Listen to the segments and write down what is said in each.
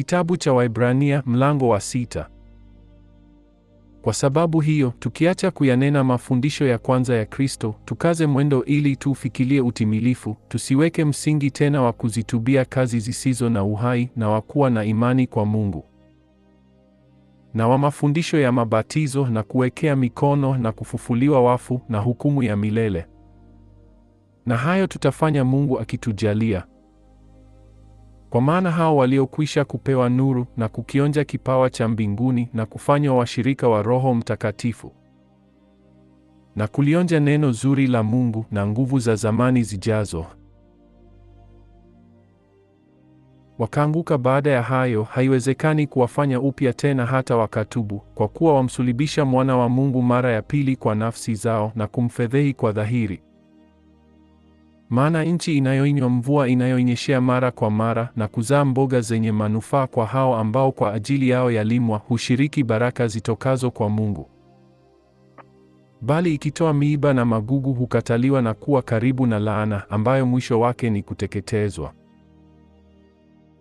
Kitabu cha Waibrania mlango wa sita. Kwa sababu hiyo, tukiacha kuyanena mafundisho ya kwanza ya Kristo, tukaze mwendo ili tuufikilie utimilifu, tusiweke msingi tena wa kuzitubia kazi zisizo na uhai na wa kuwa na imani kwa Mungu na wa mafundisho ya mabatizo na kuwekea mikono na kufufuliwa wafu na hukumu ya milele. Na hayo tutafanya Mungu akitujalia. Kwa maana hao waliokwisha kupewa nuru na kukionja kipawa cha mbinguni na kufanywa washirika wa Roho Mtakatifu na kulionja neno zuri la Mungu na nguvu za zamani zijazo, wakaanguka baada ya hayo, haiwezekani kuwafanya upya tena hata wakatubu, kwa kuwa wamsulibisha mwana wa Mungu mara ya pili kwa nafsi zao na kumfedhehi kwa dhahiri. Maana nchi inayoinywa mvua inayonyeshea mara kwa mara na kuzaa mboga zenye manufaa kwa hao ambao kwa ajili yao yalimwa, hushiriki baraka zitokazo kwa Mungu. Bali ikitoa miiba na magugu, hukataliwa na kuwa karibu na laana, ambayo mwisho wake ni kuteketezwa.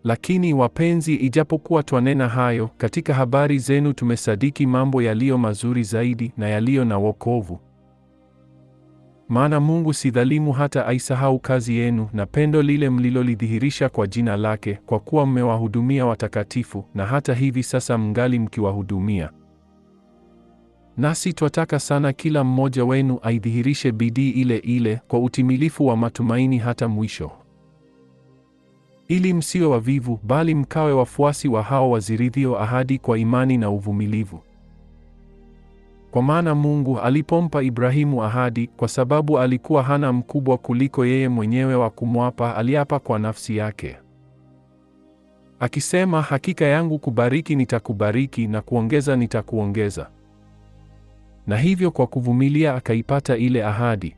Lakini wapenzi, ijapokuwa twanena hayo, katika habari zenu tumesadiki mambo yaliyo mazuri zaidi na yaliyo na wokovu. Maana Mungu si dhalimu hata aisahau kazi yenu na pendo lile mlilolidhihirisha kwa jina lake, kwa kuwa mmewahudumia watakatifu, na hata hivi sasa mngali mkiwahudumia. Nasi twataka sana kila mmoja wenu aidhihirishe bidii ile ile kwa utimilifu wa matumaini hata mwisho, ili msiwe wavivu, bali mkawe wafuasi wa hao waziridhio ahadi kwa imani na uvumilivu. Kwa maana Mungu alipompa Ibrahimu ahadi, kwa sababu alikuwa hana mkubwa kuliko yeye mwenyewe wa kumwapa, aliapa kwa nafsi yake akisema, hakika yangu kubariki nitakubariki, na kuongeza nitakuongeza. Na hivyo kwa kuvumilia akaipata ile ahadi.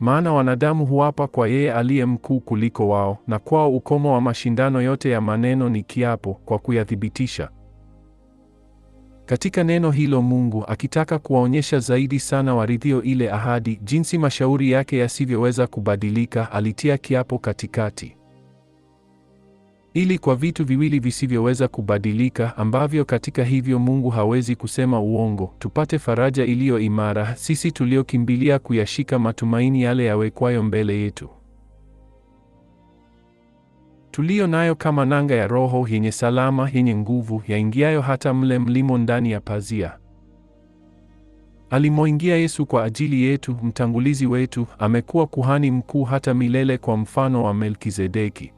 Maana wanadamu huapa kwa yeye aliye mkuu kuliko wao, na kwao ukomo wa mashindano yote ya maneno ni kiapo, kwa kuyathibitisha. Katika neno hilo Mungu akitaka kuwaonyesha zaidi sana waridhio ile ahadi, jinsi mashauri yake yasivyoweza kubadilika, alitia kiapo katikati, ili kwa vitu viwili visivyoweza kubadilika, ambavyo katika hivyo Mungu hawezi kusema uongo, tupate faraja iliyo imara, sisi tuliokimbilia kuyashika matumaini yale yawekwayo mbele yetu tuliyo nayo kama nanga ya roho yenye salama, yenye nguvu, yaingiayo hata mle mlimo ndani ya pazia. Alimoingia Yesu kwa ajili yetu, mtangulizi wetu, amekuwa kuhani mkuu hata milele kwa mfano wa Melkizedeki.